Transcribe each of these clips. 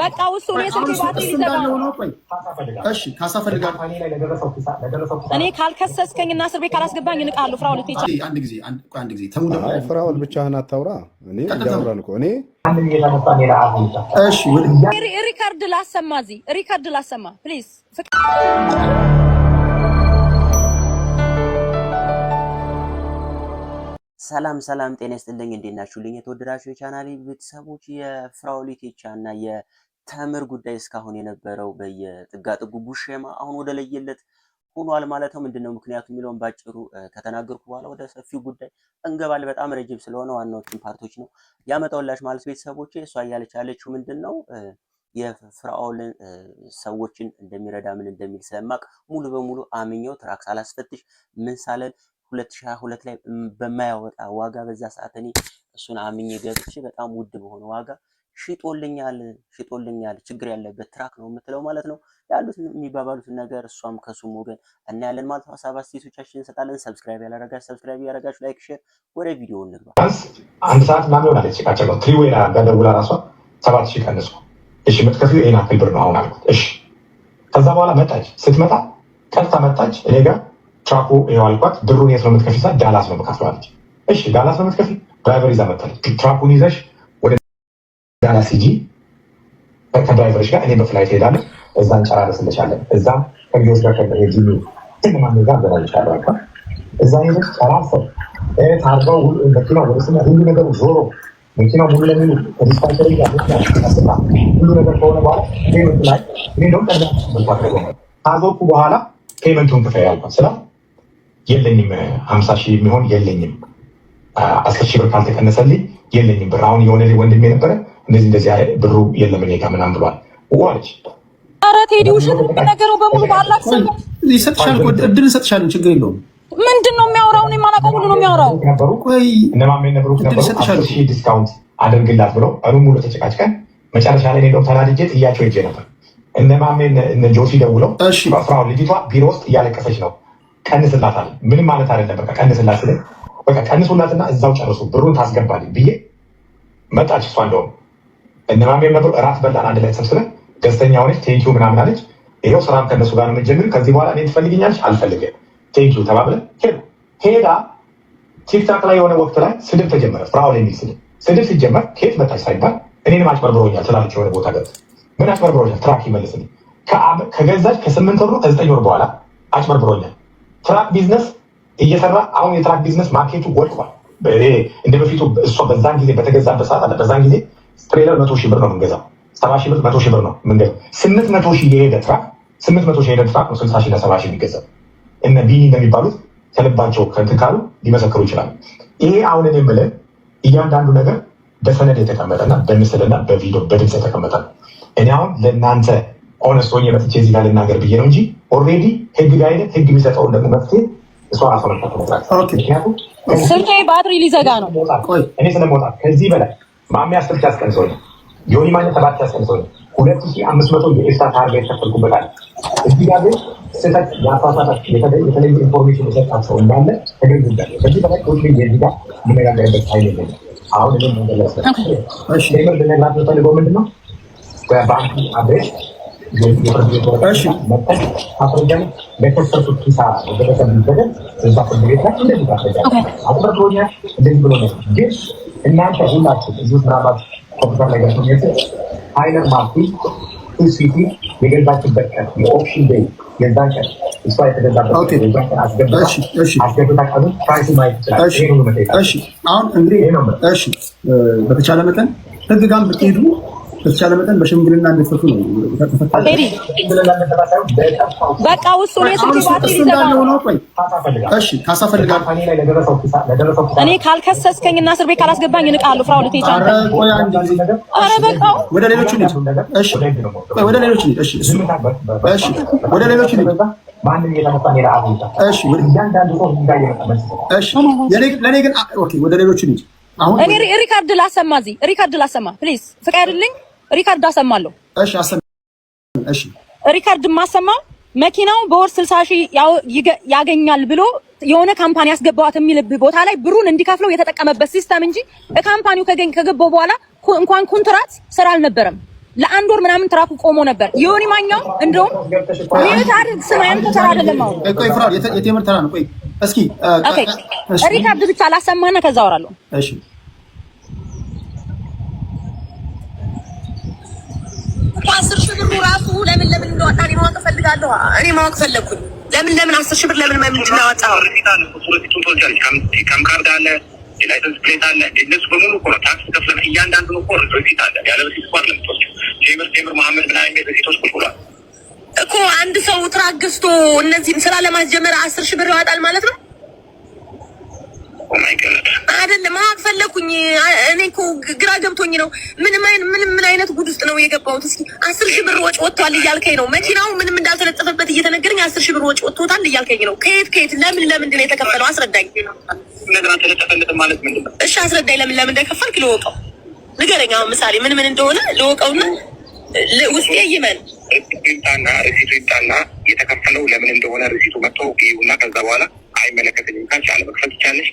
በቃ ውሱ የስልክ ባትሪ እሺ፣ ካሳ ፈልጋለሁ። እኔ ካልከሰስከኝ እና እስር ቤት ካላስገባኝ እንቃለሁ። ፍራኦል ትቻ አንድ ጊዜ አንድ ጊዜ ተሙ ደግሞ ብቻህን አታውራ። እኔ እያወራን እኮ እኔ ሪከርድ ላሰማ እዚህ ሪከርድ ላሰማ ፕሊዝ ሰላም ሰላም፣ ጤና ይስጥልኝ። እንዴት ናችሁልኝ? የተወደዳችሁ የቻናሌ ቤተሰቦች የፍራኦል እና ተምር ጉዳይ እስካሁን የነበረው በየጥጋጥጉ ቡሼማ አሁን ወደ ለየለት ሆኗል ማለት ነው። ምንድነው ምክንያቱ የሚለውን ባጭሩ ከተናገርኩ በኋላ ወደ ሰፊው ጉዳይ እንገባል። በጣም ረጅም ስለሆነ ዋናዎችን ፓርቶች ነው ያመጣውላችሁ ማለት ቤተሰቦች። እሷ እያለች ያለችው ምንድን ነው የፍራኦልን ሰዎችን እንደሚረዳ ምን እንደሚል ስለማቅ ሙሉ በሙሉ አምኘው ትራክስ አላስፈትሽ ምን ሳለን 2022 ላይ በማያወጣ ዋጋ በዛ ሰዓት እኔ እሱን አምኜ ገብቼ በጣም ውድ በሆነ ዋጋ ሽጦልኛል ሽጦልኛል ችግር ያለበት ትራክ ነው የምትለው ማለት ነው። ያሉት የሚባባሉትን ነገር እሷም ከሱም ወገን እናያለን ማለት ነው። ሀሳብ አስተያየቶቻችንን እንሰጣለን። ሰብስክራይብ ያላረጋችሁ ሰብስክራይብ ያረጋችሁ፣ ላይክ፣ ሼር። ወደ ቪዲዮ እንግባ። አንድ ሰዓት ምናምን ይሆናለች ጭቃቸው ነው ትሪዌራ በደውላ ራሷ ሰባት ሺህ ቀንስኩ። እሺ የምትከፍዩ ይህን አክል ብር ነው አሁን አልኩት። እሺ ከዛ በኋላ መጣች። ስትመጣ ቀጥታ መጣች እኔ ጋር ትራኩ ይኸው አልኳት። ብሩን የት ነው የምትከፍይ? ዳላስ ነው የምከፍለው አለች። እሺ ዳላስ ነው የምትከፍይ? ድራይቨር ይዛ መጣለች። ትራኩን ይዘሽ ዳላስ ሲጂ ከድራይቨሮች ጋር እኔ በፍላይት ሄዳለሁ። እዛ እንጨራረስ እንችላለን። እዛ ከጊዜዎች ጋር ከበ ሄጂ ትግማን ጋር አዘጋጅቻለሁ። አካ እዛ ሄደ ጨራሰው ታርገው መኪና ወደ ሁሉ ነገሩ ዞሮ መኪና ሙሉ ለሙሉ ዲስፓንሰሪ ስና ሁሉ ነገር ከሆነ በኋላ ፔመንት ላይ እኔ ደግሞ ቀዳ መልኳ ታዞኩ በኋላ ፔመንቱን ክፈ ያልኳት ስላ የለኝም ሀምሳ ሺህ የሚሆን የለኝም አስር ሺህ ብር ካልተቀነሰልኝ የለኝም ብር አሁን የሆነ ወንድሜ ነበረ እንደዚህ እንደዚህ ብሩ የለም እኔ ጋ ምናምን ብሏል። ዋች ኧረ ቴዲ ውሸት በሙሉ ይሰጥሻል፣ እድል ችግር የለውም። ምንድን ነው የሚያወራው? እኔ የማላውቀው ሁሉ ነው የሚያወራው። ነበሩ ሺህ ዲስካውንት አድርግላት ብለው ሙሉ ተጨቃጭቀን መጨረሻ ላይ ሄደው ተናድጄ ጥያቸው ሄጄ ነበር። ጆሲ ደውለው ልጅቷ ቢሮ ውስጥ እያለቀሰች ነው ቀንስላት አለ። ምንም ማለት አይደለም በቃ ቀንስላት ስለ በቃ ቀንሱላትና እዛው ጨርሱ ብሩን ብዬ መጣች እሷ እንደውም እነማሜ መጡ። እራት በላን አንድ ላይ ሰብስበን ደስተኛ ሆነች። ቴንኪው ምናምን አለች። ይኸው ስራም ከነሱ ጋር ነው የምንጀምር። ከዚህ በኋላ እኔ ትፈልግኛለች አልፈልግም፣ ቴንኪው ተባብለን ሄዱ። ሄዳ ቲክታክ ላይ የሆነ ወቅት ላይ ስድብ ተጀመረ። ፍራኦል የሚል ስድብ ስድብ ሲጀመር ከየት መጣች ሳይባል እኔንም አጭበርብሮኛል ስላለች የሆነ ቦታ ገብት ምን አጭበርብሮኛል? ትራክ ይመልስልኝ ከገዛች ከስምንት ወር ከዘጠኝ ወር በኋላ አጭበርብሮኛል። ትራክ ቢዝነስ እየሰራ አሁን የትራክ ቢዝነስ ማርኬቱ ወድቋል። እንደ በፊቱ እሷ በዛን ጊዜ በተገዛበት ሰዓት አለ በዛን ጊዜ ትሬለር መቶ ሺህ ብር ነው የምንገዛው። ሰባ ሺህ ብር መቶ ሺህ ብር ነው የምንገዛው። ስምንት መቶ ሺህ የሄደ ትራክ ስምንት መቶ ሺህ የሄደ ትራክ ነው ስልሳ ሺህ ለሰባ ሺህ የሚገዛው። እነ ቢኒ እንደሚባሉት ከልባቸው ከእንትን ካሉ ሊመሰክሩ ይችላሉ። ይሄ አሁን እኔ የምልህ እያንዳንዱ ነገር በሰነድ የተቀመጠና በምስልና በቪዲዮ በድምፅ የተቀመጠ ነው። እኔ አሁን ለእናንተ ኦነስት ሆኜ መጥቼ እዚህ ጋር ልናገር ብዬ ነው እንጂ ኦልሬዲ ህግ ጋር ህግ የሚሰጠውን ደግሞ መፍትሄ እሷ ራሷ መሻ ምክንያቱም ስልኬ ባትሪ ሊዘጋ ነው እኔ ስለመውጣት ከዚህ በላይ ማሚያ አስር ሺህ አስቀንሶኝ የሆኒ ማለት ሰባት ሺህ አስቀንሶኝ ሁለት ሺህ አምስት መቶ የኤክስትራ ታርጌት ከፈልኩበታል። እዚህ ጋር ግን ስህተት የአሳሳት የተለየ ኢንፎርሜሽን የሰጣቸው እንዳለ ተገኝዛለ። ከዚህ በላይ ቁጭ የዚህ ጋር የምነጋገርበት ኃይል የለኝም። አሁን እኔም መንገለስምር ልነግራት የምፈልገው ምንድን ነው በባንክ አድሬስ የፍርድ ቤት ወረቀት መጠቅ አስረጃለሁ። ለከሰሱት ኪሳራ በደረሰብኝ እዛ ፍርድ ቤት ላይ እንደዚህ ታስረጃለሁ። አስረድሮኛል፣ እንደዚህ ብሎኛል ግን እናንተ ሁላችሁ እዚህ ምናባት ኮምፒተር ላይ ገሰኘት ሀይለር ማርቲ ቱሲቲ የገዛችበት ቀን የኦፕሽን ዴይ የዛን ቀን እሷ የተገዛበት አስገብታ ቀኑ ፕራይስ ማየት ይችላል። አሁን እንግዲህ በተቻለ መጠን ህግ ጋር ብትሄዱ በተቻለ መጠን በሽምግልና እንደፈቱ ነው። በቃ ውስጡ ላይ እሺ፣ ካሳ ፈልጋለሁ። እኔ ካልከሰስከኝ እና እስር ቤት ካላስገባኝ እንቃለሁ። ፍራው አረ በቃ ወደ ሌሎች እሺ፣ ወደ ሌሎች እሺ፣ እሺ፣ ወደ ሌሎች ልጅ አቡታ እሺ፣ ሰው እሺ፣ ለኔ ግን ኦኬ፣ ወደ ሌሎች ልጅ አሁን እኔ ሪካርድ ላሰማ እዚህ ሪካርድ ላሰማ ፕሊዝ ፍቃድልኝ። ሪካርድ አሰማለሁ። እሺ አሰማለሁ። እሺ ሪካርድ ማሰማው መኪናው በወር 60 ሺህ ያገኛል ብሎ የሆነ ካምፓኒ ያስገባዋት የሚልብህ ቦታ ላይ ብሩን እንዲከፍለው የተጠቀመበት ሲስተም እንጂ ካምፓኒው ከገኝ ከገባው በኋላ እንኳን ኮንትራት ስራ አልነበረም። ለአንድ ወር ምናምን ትራኩ ቆሞ ነበር። ይሁን ማኛው እንደውም ይሄት ስማን ስማ፣ ያንተ ተራ አይደለም። ቆይ ፍራ የቴምር ተራ ነው። ቆይ እስኪ ሪካርድ ብቻ ላሰማና ከዛ አወራለሁ። እሺ ብሩ ራሱ ለምን ለምን እንደወጣ እኔ ማወቅ እፈልጋለሁ። እኔ ማወቅ ፈለግኩኝ። ለምን ለምን አስር ሺህ ብር ለምን ለምን እናወጣ? የላይሰንስ ፕሌት አለ። እነሱ በሙሉ እኮ ነው ታክስ ከፍለን እያንዳንዱ እኮ ሪሲት አለ። ያለ ሪሲት እኮ አይደለም የምትወስጂው። ቴምር ቴምር መሀመድ ምናምን የሚል ሪሲቶች ቁልቁሏል እኮ አንድ ሰው ትራክ ገዝቶ እነዚህም ስራ ለማስጀመር አስር ሺህ ብር ያወጣል ማለት ነው። Oh አይደለም ማወቅ ፈለኩኝ። እኔ እኮ ግራ ገብቶኝ ነው። ምንም ምንም ምን አይነት ጉድ ውስጥ ነው የገባሁት? እስኪ አስር ሺህ ብር ወጪ ወጥቷል እያልከኝ ነው። መኪናው ምንም እንዳልተለጠፈበት እየተነገረኝ አስር ሺህ ብር ወጪ ወጥቶታል እያልከኝ ነው። ከየት ከየት ለምን ለምንድን ነው የተከፈለው? አስረዳኝ እሺ፣ አስረዳኝ። ለምን ለምን እንደከፈልክ ልወቀው፣ ንገረኝ። አሁን ምሳሌ ምን ምን እንደሆነ ልወቀውና ውስጤ ይመን ሪሲቱና ሪሲቱ ይጣና የተከፈለው ለምን እንደሆነ ሪሲቱ መጥቶ ይሁና ከዛ በኋላ አይመለከተኝም ካልሽ አለመክፈል ትቻለሽ።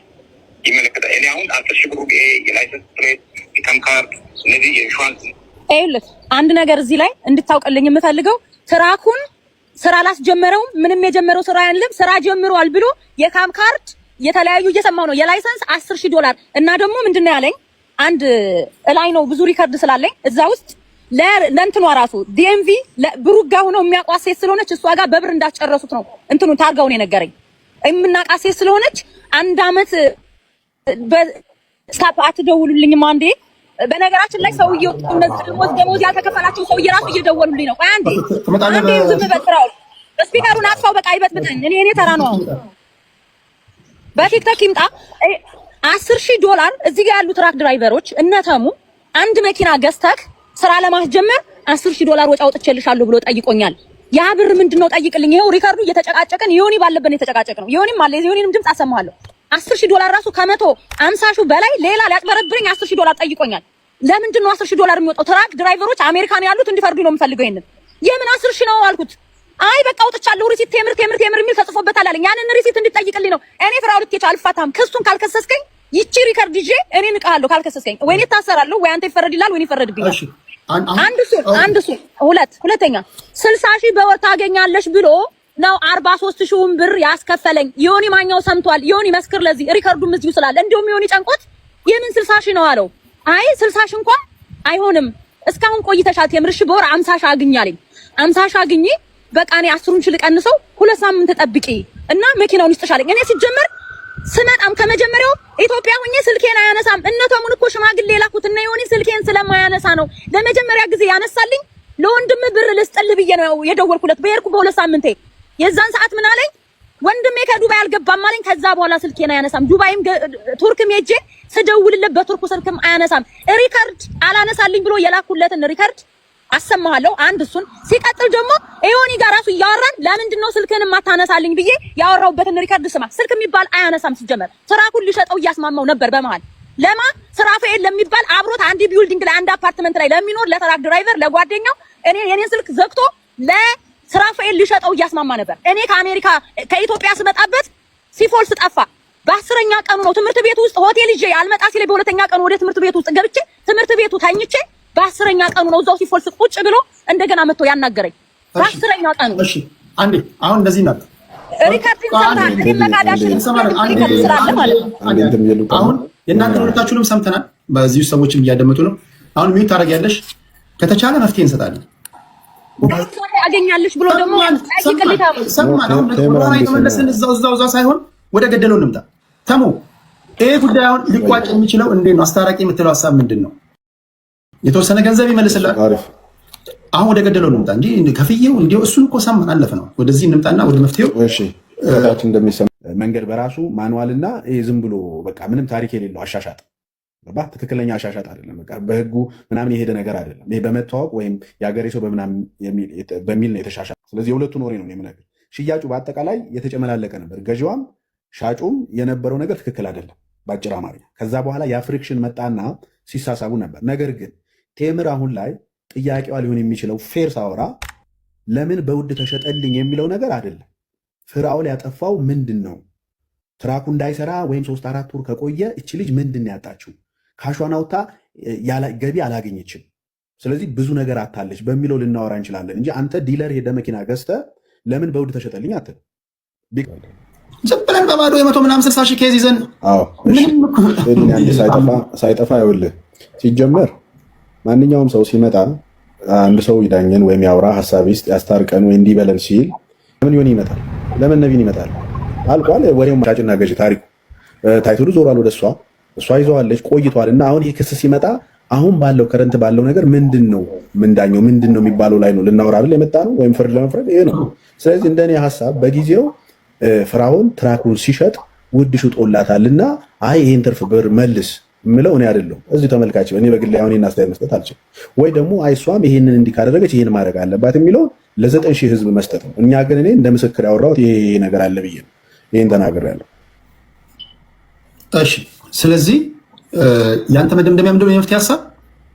ይመለከታል። እኔ አሁን አስር ሺህ ብሩ የላይሰንስ ፕሌት፣ ኢንካም ካርድ፣ እነዚህ የኢንሹራንስ ይኸውልህ አንድ ነገር እዚህ ላይ እንድታውቅልኝ የምፈልገው ትራኩን ስራ አላስጀመረውም። ምንም የጀመረው ስራ ያንልም ስራ ጀምሯል ብሎ የካም ካርድ የተለያዩ እየሰማው ነው። የላይሰንስ አስር ሺህ ዶላር እና ደግሞ ምንድነው ያለኝ አንድ እላይ ነው ብዙ ሪከርድ ስላለኝ እዛ ውስጥ ለእንትኗ ራሱ ዲኤምቪ ብሩጋ ሆነው የሚያውቋት ሴት ስለሆነች እሷ ጋር በብር እንዳስጨረሱት ነው እንትኑ ታርጋውን የነገረኝ የምናውቃት ሴት ስለሆነች አንድ አመት ስታፕ አትደውሉልኝም አንዴ በነገራችን ላይ ሰውዬው እነዚህ ደሞዝ ደሞዝ ያልተከፈላቸው ሰውዬ ራሱ እየደወሉልኝ ነው። ቆይ አንዴ አንዴ ዝም በል ስራው ስፒከሩን አጥፋው። በቃ ይበትብተኝ። እኔ እኔ ተራ ነው። በቲክቶክ ይምጣ። አስር ሺህ ዶላር እዚህ ጋር ያሉ ትራክ ድራይቨሮች እነተሙ አንድ መኪና ገዝተክ ስራ ለማስጀመር አስር ሺህ ዶላር ወጪ አውጥቼልሻለሁ ብሎ ጠይቆኛል። ያ ብር ምንድነው? ጠይቅልኝ። ይሄው ሪከርዱ እየተጨቃጨቀን ይሁን ባለበት የተጨቃጨቅ ነው። ይሁንም አለ ይሁንም ድምጽ አሰማለሁ አስር ሺህ ዶላር ራሱ ከመቶ አምሳ ሺህ በላይ ሌላ ሊያጭበረብረኝ አስር ሺህ ዶላር ጠይቆኛል። ለምንድን ነው አስር ሺህ ዶላር የሚወጣው? ትራክ ድራይቨሮች አሜሪካን ያሉት እንዲፈርዱ ነው የምፈልገው። ይሄንን የምን አስር ሺህ ነው አልኩት። አይ በቃ አውጥቻለሁ ሪሲት ቴምር ቴምር ቴምር የሚል ተጽፎበታል አለኝ። ያንን ሪሲት እንድጠይቅልኝ ነው። እኔ ፍራውድ ቴቻ አልፋታም። ክሱን ካልከሰስከኝ ይቺ ሪከርድ ይዤ እኔ ንቃለሁ። ካልከሰስከኝ ወይኔ ታሰራለሁ፣ ወይ አንተ ይፈረድልሃል፣ ወይ ይፈረድብኛል። አንድ ሱ አንድ ሱ ሁለት ሁለተኛ ስልሳ ሺህ በወር ታገኛለሽ ብሎ ነው 43 ሺውን ብር ያስከፈለኝ። ዮኒ ማኛው ሰምቷል። ዮኒ መስክር ለዚህ ሪከርዱም እዚሁ ስላለ እንዲሁም ዮኒ ጨንቆት የምን 60 ሺህ ነው አለው። አይ 60 ሺህ እንኳን አይሆንም እስካሁን ቆይተሻት የምርሽ በወር 50 ሺህ አግኛለኝ። 50 ሺህ አግኚ በቃ እኔ አስሩን ሺህ ልቀንሰው ሁለት ሳምንት ተጠብቂ እና መኪናውን ይስጥሻለኝ። እኔ ሲጀመር ስመጣም ከመጀመሪያው ኢትዮጵያ ሁኜ ስልኬን አያነሳም። እነ ተሙን እኮ ሽማግሌ ላኩት እና ዮኒ ስልኬን ስለማያነሳ ነው ለመጀመሪያ ጊዜ ያነሳልኝ። ለወንድም ብር ልስጥልህ ብዬ ነው የደወልኩለት በየርኩ በሁለት ሳምንቴ የዛን ሰዓት ምን አለኝ ወንድሜ ከዱባይ አልገባም አለኝ። ከዛ በኋላ ስልኬን አያነሳም። ዱባይም ቱርክም ሄጄ ስደውልለት በቱርኩ ስልክም አያነሳም። ሪከርድ አላነሳልኝ ብሎ የላኩለትን ሪከርድ አሰማሃለሁ። አንድ እሱን ሲቀጥል ደግሞ ኤዮኒ ጋር ራሱ እያወራን ለምንድን ነው ስልክን ማታነሳልኝ ብዬ ያወራሁበትን ሪከርድ ስማ። ስልክ የሚባል አያነሳም። ሲጀመር ስራኩን ሊሸጠው እያስማማው ነበር በመሃል ለማ ስራፋኤል ለሚባል አብሮት አንድ ቢውልዲንግ ላይ አንድ አፓርትመንት ላይ ለሚኖር ለተራክ ድራይቨር ለጓደኛው እኔ የኔን ስልክ ዘግቶ ሊሸጠው እያስማማ ነበር። እኔ ከአሜሪካ ከኢትዮጵያ ስመጣበት ሲፎልስ ጠፋ። በአስረኛ ቀኑ ነው ትምህርት ቤት ውስጥ ሆቴል ይዤ አልመጣ ሲል በሁለተኛ ቀኑ ወደ ትምህርት ቤት ውስጥ ገብቼ ትምህርት ቤቱ ተኝቼ በአስረኛ ቀኑ ነው እዛው ሲፎልስ ቁጭ ብሎ እንደገና መጥቶ ያናገረኝ በአስረኛ ቀኑ። እሺ አንዴ አሁን እንደዚህ መጣ አሁን የእናንተ ሁለታችሁንም ሰምተናል። በዚህ ሰዎችም እያደመጡ ነው። አሁን ሚዩት ታደርጊያለሽ። ከተቻለ መፍትሄ እንሰጣለን። አገኛለች ብሎ ደግሞ የተመለስን እዛው እዛው እዛው ሳይሆን ወደ ገደለው ልምጣ። ተሙ ይሄ ጉዳይ አሁን ሊቋጭ የሚችለው እንዴት ነው? አስታራቂ የምትለው ሀሳብ ምንድን ነው? የተወሰነ ገንዘብ ይመልስላል። አሁን ወደ ገደለው ልምጣ እንጂ ከፍዬው እንዲያው እሱን እኮ ሰማን አለፍ ነው። ወደዚህ እንምጣና ወደ መፍትሄው መንገድ በራሱ ማንዋልና ዝም ብሎ በቃ ምንም ታሪክ የሌለው አሻሻጥ ባት ትክክለኛ አሻሻት አይደለም። በቃ በህጉ ምናምን የሄደ ነገር አይደለም። ይሄ በመተዋወቅ ወይም የሀገሬ ሰው በሚል ነው የተሻሻለ። ስለዚህ የሁለቱን ወሬ ነው የምነግርህ። ሽያጩ በአጠቃላይ የተጨመላለቀ ነበር። ገዢዋም ሻጩም የነበረው ነገር ትክክል አይደለም በአጭር አማርኛ። ከዛ በኋላ የፍሪክሽን መጣና ሲሳሳቡ ነበር። ነገር ግን ቴምር አሁን ላይ ጥያቄዋ ሊሆን የሚችለው ፌር ሳወራ ለምን በውድ ተሸጠልኝ የሚለው ነገር አይደለም። ፍራኦል ያጠፋው ምንድን ነው? ትራኩ እንዳይሰራ ወይም ሶስት አራት ወር ከቆየ እች ልጅ ምንድን ያጣችው ካሿን አውታ ገቢ አላገኘችም። ስለዚህ ብዙ ነገር አታለች በሚለው ልናወራ እንችላለን እንጂ አንተ ዲለር ሄደ መኪና ገዝተ ለምን በውድ ተሸጠልኝ አትልም። ዝም ብለን በባዶ የመቶ ምናም ስልሳ ሺ ኬዝ ይዘን ሳይጠፋ ይኸውልህ፣ ሲጀመር ማንኛውም ሰው ሲመጣ አንድ ሰው ይዳኘን ወይም ያውራ ሀሳብ ውስጥ ያስታርቀን ወይ እንዲበለን ሲል ለምን ይሆን ይመጣል፣ ለምን ነቢን ይመጣል። አልቋል። ወሬው ሻጭና ገዥ ታሪኩ ታይትሉ ዞሯል ወደ እሷ እሷ ይዘዋለች ቆይቷል። እና አሁን ይህ ክስ ሲመጣ አሁን ባለው ከረንት ባለው ነገር ምንድን ነው ምንዳኘው ምንድን ነው የሚባለው ላይ ነው ልናወራ ብል የመጣ ነው ወይም ፍርድ ለመፍረድ ይሄ ነው። ስለዚህ እንደኔ ሀሳብ በጊዜው ፍራውን ትራኩን ሲሸጥ ውድ ሽጦላታል እና አይ ይህን ትርፍ ብር መልስ ምለው እኔ አይደለሁም። እዚህ ተመልካች እኔ በግል አሁን አስተያየት መስጠት አልችልም። ወይ ደግሞ አይሷም ይህንን እንዲህ ካደረገች ይህን ማድረግ አለባት የሚለው ለዘጠኝ ሺህ ህዝብ መስጠት ነው። እኛ ግን እኔ እንደ ምስክር ያወራሁት ይሄ ነገር አለ ብዬ ነው ይህን ተናግሬያለሁ። እሺ ስለዚህ ያንተ መደምደሚያ ምንድን ነው? የመፍትሄ ሀሳብ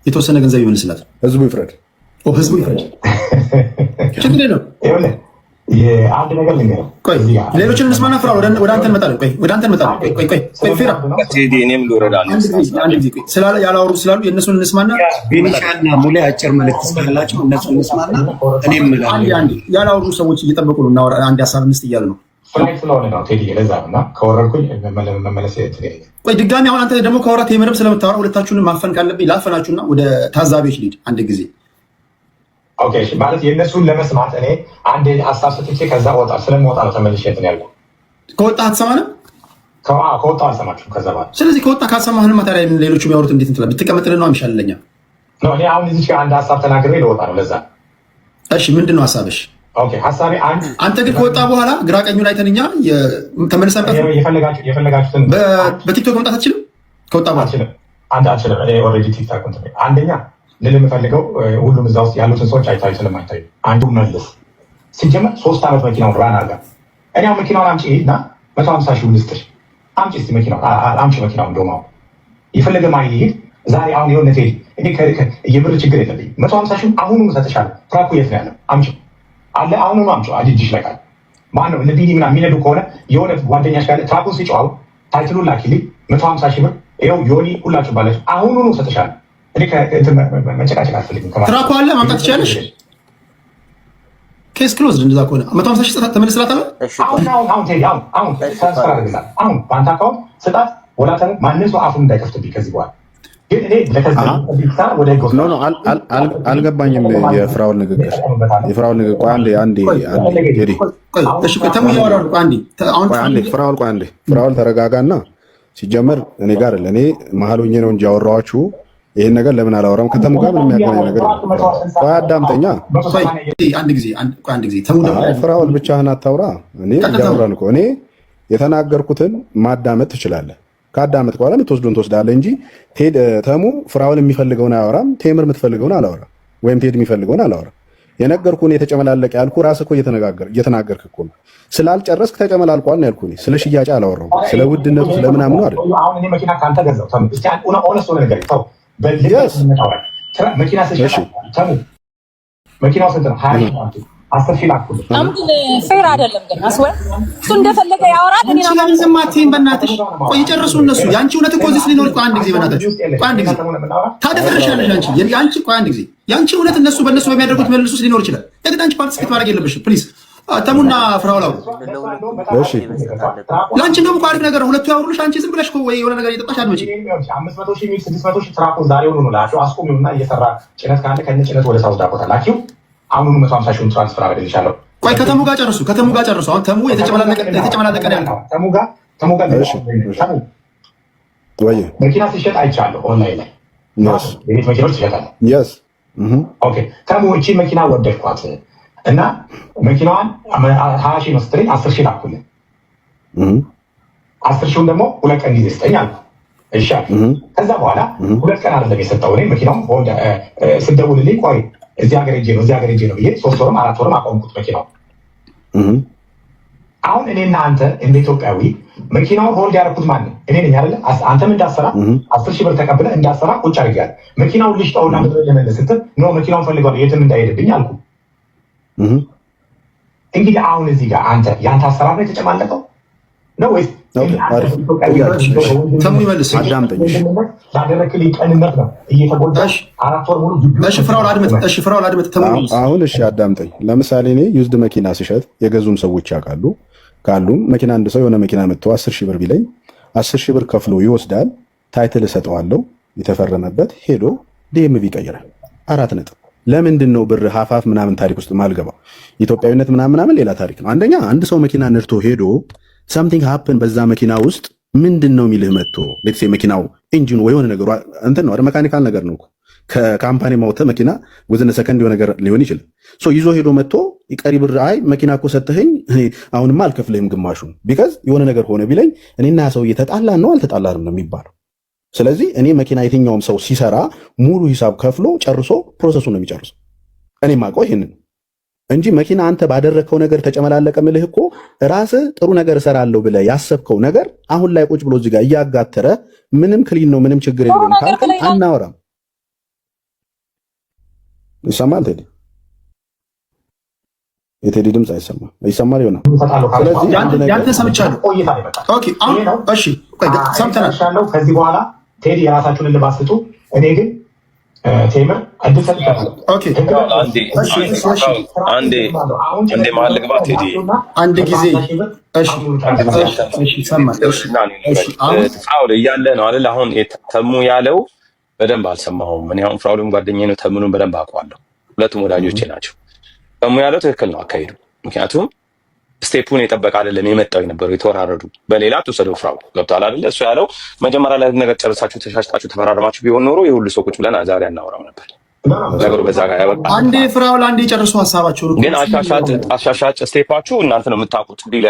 የተወሰነ ገንዘብ ይመልስላት፣ ህዝቡ ይፍረድ፣ ህዝቡ ይፍረድ። ችግር ነው። አንድ ነገር ልንገርህ፣ ሌሎችን እንስማና ፍራ፣ ወደ አንተ እንመጣለን። ወደ አንተ እንመጣለን። ስላሉ ያላወሩ ስላሉ የእነሱን እንስማና፣ ቢኒሻና ሙሌ አጭር መልዕክት ስላላቸው እነሱን እንስማና፣ እኔም ያላወሩ ሰዎች እየጠበቁ ነው። አንድ ሀሳብ እንስጥ እያሉ ነው ፍላይት ስለሆነ ነው ቴዲ ለዛ እና ከወረድኩኝ መመለስ ትገኝ። ቆይ ድጋሚ አሁን አንተ ደግሞ ከወራት የምርም ስለምታወራ ሁለታችሁንም ማፈን ካለብኝ ላፈናችሁና ወደ ታዛቢዎች ልሂድ አንድ ጊዜ ማለት የእነሱን ለመስማት እኔ አንድ ሀሳብ ሰጥቼ ከዛ ወጣ ስለምወጣ ነው ተመልሼ እንትን ያልኩህ። ከወጣ አትሰማንም? ከወጣ አልሰማችሁም። ከዛ በኋላ ስለዚህ ከወጣ ካሰማህን ማታሪያ ሌሎች የሚያወሩት እንዴት እንትላል ብትቀመጥልን ነው የሚሻለኛ። እኔ አሁን እዚህ አንድ ሀሳብ ተናግሬ ልወጣ ነው። ለዛ እሺ፣ ምንድን ነው ሀሳብሽ? አንተ ግን ከወጣ በኋላ ግራ ቀኙ ላይ ተንኛ ተመልሰንበት በቲክቶክ መምጣት አችልም። ከወጣ በኋላ አንደኛ ልል የምፈልገው ሁሉም እዛ ውስጥ ያሉትን ሰዎች አይታዩ ስለማይታዩ አንዱ መልስ ሲጀመር ሶስት ዓመት መኪናውን ራን አለ። እኔ መኪናውን አምጪ እና መቶ ሀምሳ ሺህ ልስጥሽ አምጪ ስ መኪናውን አምጪ መኪናውን እንደውም የፈለገ ማን ይሄድ ዛሬ አሁን የሆነ ቴ የብር ችግር የለብኝ መቶ ሀምሳ ሺህ አሁኑ ሰተሻለ ትራኩ የት ነው ያለው? አምጪው አለ አሁን ማምጮ አጅጅ ላይ ማን ነው እነ ቢኒ ምናምን የሚነዱ ከሆነ የሆነ ጓደኛሽ ጋር ትራኩን ሲጨዋው ታይትሉን ላኪልኝ መቶ ሀምሳ ሺህ ብር ይኸው ዮኒ ሁላችሁ ባለች አሁኑኑ ሰጥሻለሁ። እኔ መጨቃጨቅ አልፈልግም። ትራኩ አለ ማምጣት ትችላለሽ። ኬስ ክሎዝ እንደዛ ከሆነ መቶ ሀምሳ ሺህ ተመልስላት አለ አሁን አሁን አሁን ቴዲ አሁን አሁን አሁን በአንተ አካውንት ስጣት። ወላተ ማንም ሰው አፉን እንዳይከፍትብኝ ከዚህ በኋላ አልገባኝም። የፍራውን ንግግር የፍራውን ንግግር አንዴ አንዴ ፍራውል ቆይ አንዴ ፍራውል ተረጋጋና፣ ሲጀመር እኔ ጋር እኔ መሀል ሆኜ ነው እንጂ ያወራኋችሁ ይህን ነገር ለምን አላወራም? ከተሙ ጋር ምን የሚያገናኝ ነገር ቆይ አዳምጠኛ። ፍራውል ብቻህን አታውራ። እኔ እያወራን እኮ እኔ የተናገርኩትን ማዳመጥ ትችላለህ። ከአዳመጥክ በኋላ የምትወስዱን ትወስዳለህ እንጂ ተሙ ፍራውን የሚፈልገውን አያወራም። ቴምር የምትፈልገውን አላወራም፣ ወይም ቴድ የሚፈልገውን አላወራም። የነገርኩህን የተጨመላለቀ ያልኩ ራስ እኮ እየተናገርክ እኮ ነው። ስላልጨረስክ ተጨመላልቋል ነው ያልኩህ። ስለ ሽያጭ አላወራሁም፣ ስለ ውድነቱ ስለምናምኑ አይደለም። መኪናው ስንት ነው? አስር ሺህ ላኩል። አሁን ፌር አይደለም ግን አስወር እሱ እንደፈለገ ያወራል። እኔ ነው በእናትሽ ቆይ ጨርሱ እነሱ። ያንቺ እውነት እኮ እዚህ ሊኖር አንድ ጊዜ በእናትሽ ቆይ አንድ ጊዜ ታደፈረሻለሽ አንቺ ያንቺ ቆይ አንድ ጊዜ ያንቺ እውነት እነሱ በእነሱ በሚያደርጉት መልሱ ሊኖር ይችላል። ግን አንቺ ፓርቲስፔት ማድረግ የለብሽም ፕሊዝ። ተሙና ፍራውላው እሺ፣ ላንቺ እንደውም እኮ አሪፍ ነገር ሁለቱ ያወሩልሽ። አንቺ ዝም ብለሽ ወይ የሆነ ነገር እየጠጣሽ አድመጪ። አምስት መቶ ሺህ ስድስት መቶ ሺህ ትራኮ ዛሬ ሆኖ ነው ላኪው። አስቆሚውና እየሰራ ጭነት ካለ ከነ ጭነት ወደ ሳውዝ ዳኮታ ላኪው አሁኑ መቶ ሀምሳ ሺውን ትራንስፈር አረግ ይቻለው። ቆይ ከተሙ ጋር ጨርሱ፣ ከተሙ ጋር ጨርሱ። አሁን ተሙ የተጨመላለቀ ያልከው ተሙ ጋር ተሙ ጋር መኪና ሲሸጥ አይቻለሁ። ኦንላይን ላይ የቤት መኪኖች ይሸጣል። ተሙ እቺ መኪና ወደድኳት እና መኪናዋን ሀያ ሺህ ነው ስትለኝ አስር ሺህ ላኩልህ። አስር ሺውን ደግሞ ሁለት ቀን ጊዜ ስጠኝ አልኩህ። እሺ አልኩህ። ከዛ በኋላ ሁለት ቀን አይደለም የሰጠው እኔ መኪናውም ስደውልልኝ ቆይ እዚህ ሀገር ሄጄ ነው እዚህ ሀገር ሄጄ ነው ብዬ ሶስት ወርም አራት ወርም አቆምኩት መኪናው። አሁን እኔና አንተ እንደ ኢትዮጵያዊ መኪናውን ሆልድ ያደረኩት ማን ነው? እኔ ነኝ አይደለ? አንተም እንዳሰራ አስር ሺህ ብር ተቀብለ እንዳሰራ ቁጭ አድርጊያለሁ። መኪናውን ልሽጠውና ምድረ ለመለስ ስትል ኖ መኪናውን ፈልገዋል የትም እንዳይሄድብኝ አልኩ። እንግዲህ አሁን እዚህ ጋር አንተ የአንተ አሰራር ነው የተጨማለቀው ነው ወይስ አዳምጠኝ። ለምሳሌ እኔ ዩዝድ መኪና ስሸጥ የገዙም ሰዎች ያውቃሉ። ካሉም መኪና አንድ ሰው የሆነ መኪና መጥቶ አስር ሺህ ብር ቢለኝ አስር ሺህ ብር ከፍሎ ይወስዳል። ታይትል እሰጠዋለሁ፣ የተፈረመበት ሄዶ ዲኤምቪ ይቀይራል። አራት ነጥብ። ለምንድን ነው ብር ሀፋፍ ምናምን ታሪክ ውስጥ ማልገባው? ኢትዮጵያዊነት ምናምን ምናምን ሌላ ታሪክ ነው። አንደኛ አንድ ሰው መኪና ነድቶ ሄዶ ሳምቲንግ ሀፕን በዛ መኪና ውስጥ ምንድን ነው የሚልህ መጥቶ ሌትሴ መኪናው ኢንጂን ወይ የሆነ ነገሩ እንትን ነው መካኒካል ነገር ነው ከካምፓኒ ማውተ መኪና ወዘነ ሰከንድ የሆነ ነገር ሊሆን ይችላል። ሶ ይዞ ሄዶ መጥቶ ቀሪ ብር አይ መኪና እኮ ሰጥህኝ፣ አሁንማ አልከፍልህም ግማሹን ቢከዝ የሆነ ነገር ሆነ ቢለኝ እኔና ሰው እየተጣላ ነው አልተጣላንም ነው የሚባለው። ስለዚህ እኔ መኪና የትኛውም ሰው ሲሰራ ሙሉ ሂሳብ ከፍሎ ጨርሶ ፕሮሰሱ ነው የሚጨርሰው። እኔ ማውቀው ይህንን እንጂ መኪና አንተ ባደረግከው ነገር ተጨመላለቀ ምልህ እኮ ራስህ ጥሩ ነገር እሰራለሁ ብለህ ያሰብከው ነገር አሁን ላይ ቁጭ ብሎ እዚህ ጋር እያጋተረ ምንም ክሊን ነው፣ ምንም ችግር የለም ካልከኝ አናወራም። ይሰማል ቴዲ? የቴዲ ድምፅ አይሰማም። ይሰማል ይሆናል። ስለዚህ ያንተ ሰምቻለሁ። ሰምተናል። ከዚህ በኋላ ቴዲ የራሳችሁን ልባስጡ። እኔ ግን አንዴ መሀል ልግባ ቴዲ፣ አንድ ጊዜ እያለ ነው አይደል? አሁን ተሙ ያለው በደንብ አልሰማሁም። እኔ አሁን ፍራውድም ጓደኛዬ ነው፣ ተምኑን በደንብ አውቀዋለሁ። ሁለቱም ወዳጆቼ ናቸው። ተሙ ያለው ትክክል ነው አካሄዱ፣ ምክንያቱም ስቴፑን የጠበቀ አይደለም የመጣው የነበረው የተወራረዱ በሌላ ተወሰደው ፍራው ገብቷል አይደለ? እሱ ያለው መጀመሪያ ላይ ነገር ጨርሳችሁ ተሻሽጣችሁ ተፈራረማችሁ ቢሆን ኖሮ የሁሉ ሰው ቁጭ ብለን ዛሬ አናወራም ነበር። ነገሩ በዛ ጋር ያበቃል። አንዴ ፍራው አንዴ ጨርሱ ሀሳባችሁ። ግን አሻሻጭ ስቴፓችሁ እናንተ ነው የምታውቁት ዲል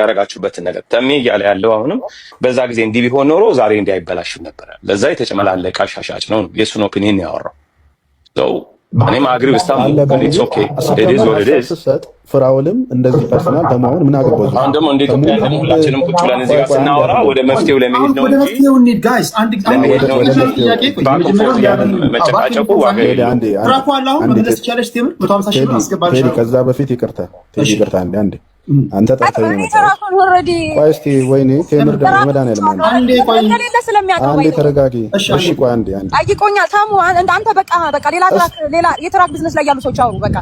ያረጋችሁበትን ነገር ተሜ እያለ ያለው አሁንም በዛ ጊዜ እንዲህ ቢሆን ኖሮ ዛሬ እንዲህ አይበላሽም ነበረ። ለዛ የተጨመላለቀ አሻሻጭ ነው የእሱን ኦፒኒየን ያወራው እኔም አግሪ ፍራውልም እንደዚህ ፐርሰናል በመሆን ምን አሁን ደግሞ እንደ ኢትዮጵያ ሁላችንም ቁጭ ብለን እዚህ ጋር ስናወራ ወደ መፍትሄው ለመሄድ ነው እንጂ ለመሄድ ነው መጨቃጨቁ ዋጋ ከዛ በፊት ይቅርታ ይቅርታ አንዴ አንተ ጠርተኸኝ ነው ቆይ እስኪ ወይኔ ቴምር ደግሞ መድኃኒዓለም አንዴ ተረጋጊ እሺ ቆይ አንዴ አንዴ ጠይቆኛል ታሙ አንተ በቃ በቃ ሌላ ትራክ ሌላ የትራክ ቢዝነስ ላይ ያሉ ሰዎች አውሩ በቃ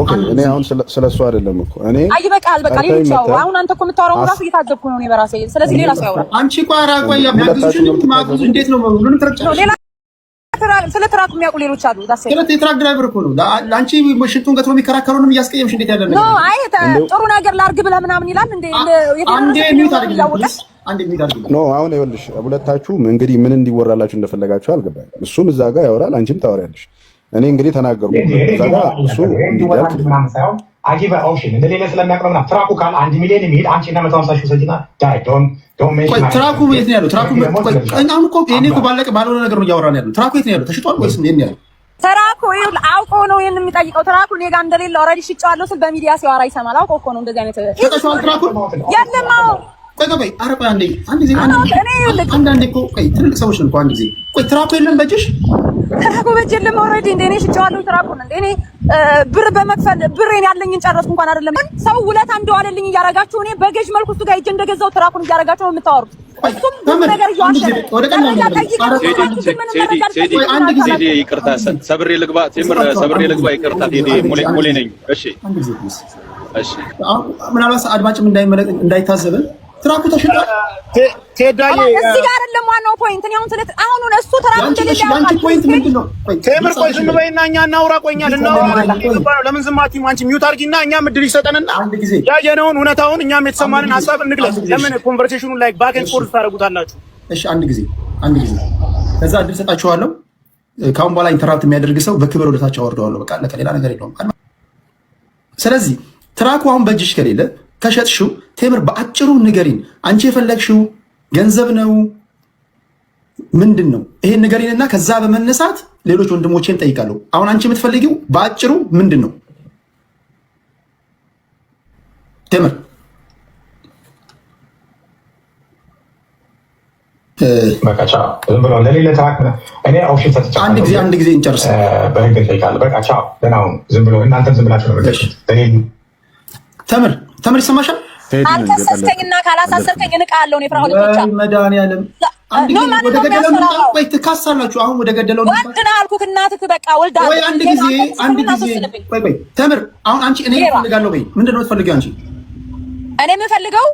ኦኬ እኔ አሁን ስለሱ አይደለም እኮ እኔ አይ በቃል በቃ ሌሎች አሁን አንተ እኮ የምታወራው ራሱ እየታዘብኩ ነው እኔ በራሴ ስለዚህ ሌላ ሰው ያውራ አንቺ ቋራ ቆያ ማግዙ እንዴት ነው ሁሉንም ተረጨ ስለ ትራክ የሚያውቁ ሌሎች አሉ። ስለ ትራክ ድራይቨር እኮ ነው። አንቺ ሽቱን ገትሮ የሚከራከሩንም እያስቀየምሽ እንዴት ያለ ነገር አይ ጥሩ ነገር ላርግ ብለህ ምናምን ይላል። እንደ አንዴ ሚዩት አድርግልኝ ኖ አሁን ይኸውልሽ፣ ሁለታችሁም እንግዲህ ምን እንዲወራላችሁ እንደፈለጋችሁ አልገባኝ። እሱም እዛ ጋር ያወራል፣ አንቺም ታወሪያለሽ። እኔ እንግዲህ ተናገርኩ እዛ ጋር እሱ እንዲደርግ አጊበ ኦፕሽን እንደሌለ ስለሚያውቅ ነው ምናምን ትራኩ ካል አንድ ሚሊዮን የሚሄድ አንቺ እና መቶ ሀምሳ ሺህ ሰጅና ዳይ ዶን ትራኩ የት ነው ያለው? ትራኩ አሁን እኮ ይሄኔ እኮ ባለቀ ባልሆነ ነገር ነው እያወራን ያለው። ትራኩ የት ነው ያለው? ተሽጧል ወይስ የት ነው ያለው? ትራኩ ይኸውልህ አውቆ ነው ይሄን የሚጠይቀው። ትራኩ እኔ ጋር እንደሌለ ኦልሬዲ ሽጬዋለሁ ስል በሚዲያ ሲያወራ ይሰማል። አውቆ እኮ ነው እንደዚህ አይነት ተቀሽዋል። ትራኩ የለም አዎ ቆይ ቆይ፣ ኧረ ቆይ አንዴ አንድ ጊዜ አንዳንዴ እኮ ቆይ ትልቅ ሰዎች ነው እኮ አንድ ጊዜ ቆይ ትራኩ የለም በእጅሽ ተራ ጎበዝ ኦልሬዲ እንደ እኔ ሽጬዋለሁ። ተራ ጎበዝ እንደ እኔ ብር በመክፈል ብሬን ያለኝን ጨረስኩ እንኳን አይደለም። ሰው ውለታ እንደዋለልኝ እያረጋችሁ እኔ በገዥ መልኩ እሱ ጋር ሂጅ እንደገዛው ትራኩን እያረጋችሁ ነው የምታወሩት። እሱም ብዙ ነገር እያዋሸ አንድ ጊዜ ይቅርታ፣ ሰብሬ ልግባ፣ ሰብሬ ልግባ፣ ይቅርታ ሙሌ ነኝ። እሺ፣ እሺ። ምናልባት አድማጭም እንዳይታዘብን ትራኩ ተሽጧል። ቴዳዬ እዚህ ጋር አይደለም ዋናው ፖይንት። እኔ አሁን ስለ አሁን ትራኩ እንደሌለ ፖይንት ምንድን ነው? ቴምር ቆይ ዝም በይና እኛ እናውራ። ቆይ እኛ ልናውራ ለምን ዝም አትይም? አንቺ ሚውት አድርጊና እኛም እድል ይሰጠንና ያየነውን እውነታውን እኛም የተሰማንን ሀሳብ እንግለጽ። ለምን ላይ ባክ ኤንድ ፎርስ ታደርጉታላችሁ? እሺ አንድ ጊዜ አንድ ጊዜ ከዛ እድል ሰጣችኋለሁ። ከአሁን በኋላ ኢንተራፕት የሚያደርግ ሰው በክብር ወደታች አወርደዋለሁ። በቃ ነገር የለውም። ስለዚህ ትራኩ አሁን በእጅሽ ከሌለ ከሸጥሽው ቴምር በአጭሩ ንገሪን። አንቺ የፈለግሽው ገንዘብ ነው ምንድን ነው? ይሄን ንገሪንና ከዛ በመነሳት ሌሎች ወንድሞቼን ጠይቃለሁ። አሁን አንቺ የምትፈልጊው በአጭሩ ምንድን ነው? ቴምር አንድ ጊዜ አንድ ጊዜ እንጨርስ። ተምር ተምር ይሰማሻል። አልከሰስከኝና ካላሳሰርከኝ እንቃለሁ። እኔ ፍራኦል ብቻ መድኃኒዓለም ትካሳላችሁ። አሁን ወደ ገደለው ወንድ ነህ አልኩህ። እናትህ በቃ ወልዳ ወይ አንድ ጊዜ አንድ ጊዜ ተምር። አሁን አንቺ እኔ እፈልጋለሁ በይ። ምንድን ነው የምትፈልጊው አንቺ? እኔ የምፈልገው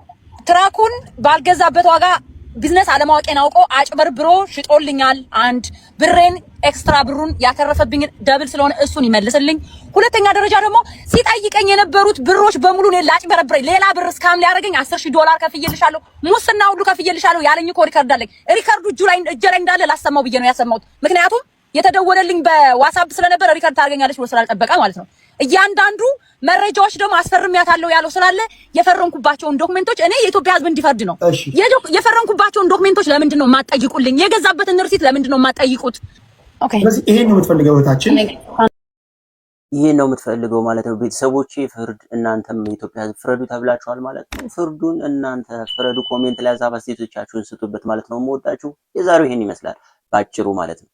ትራኩን ባልገዛበት ዋጋ ቢዝነስ አለማወቄን አውቆ አጭበርብሮ ሽጦልኛል። አንድ ብሬን ኤክስትራ ብሩን ያተረፈብኝን ደብል ስለሆነ እሱን ይመልስልኝ። ሁለተኛ ደረጃ ደግሞ ሲጠይቀኝ የነበሩት ብሮች በሙሉ እኔ ላጭበረብረኝ ሌላ ብር እስካም ሊያደርገኝ አስር ሺህ ዶላር ከፍዬልሻለሁ፣ ሙስና ሁሉ ከፍዬልሻለሁ ያለኝ እኮ ሪከርድ አለኝ። ሪከርዱ እጁ ላይ እጄ ላይ እንዳለ ላሰማው ብዬ ነው ያሰማሁት። ምክንያቱም የተደወለልኝ በዋትስአፕ ስለነበረ ሪከርድ ታደርገኛለች ብሎ ስላልጠበቀ ማለት ነው። እያንዳንዱ መረጃዎች ደግሞ አስፈርሚያታለሁ ያለው ስላለ የፈረምኩባቸውን ዶክሜንቶች እኔ የኢትዮጵያ ሕዝብ እንዲፈርድ ነው የፈረምኩባቸውን ዶክሜንቶች ለምንድን ነው የማትጠይቁልኝ? የገዛበትን ርሲት ለምንድን ነው የማትጠይቁት? ይሄን ነው የምትፈልገው እህታችን፣ ይሄን ነው የምትፈልገው ማለት ነው። ቤተሰቦች ፍርድ፣ እናንተም የኢትዮጵያ ሕዝብ ፍረዱ ተብላችኋል ማለት ነው። ፍርዱን እናንተ ፍረዱ። ኮሜንት ላይ ሀሳብ አስተያየቶቻችሁን ስጡበት ማለት ነው። የምወዳችሁ የዛሬው ይሄን ይመስላል ባጭሩ ማለት ነው።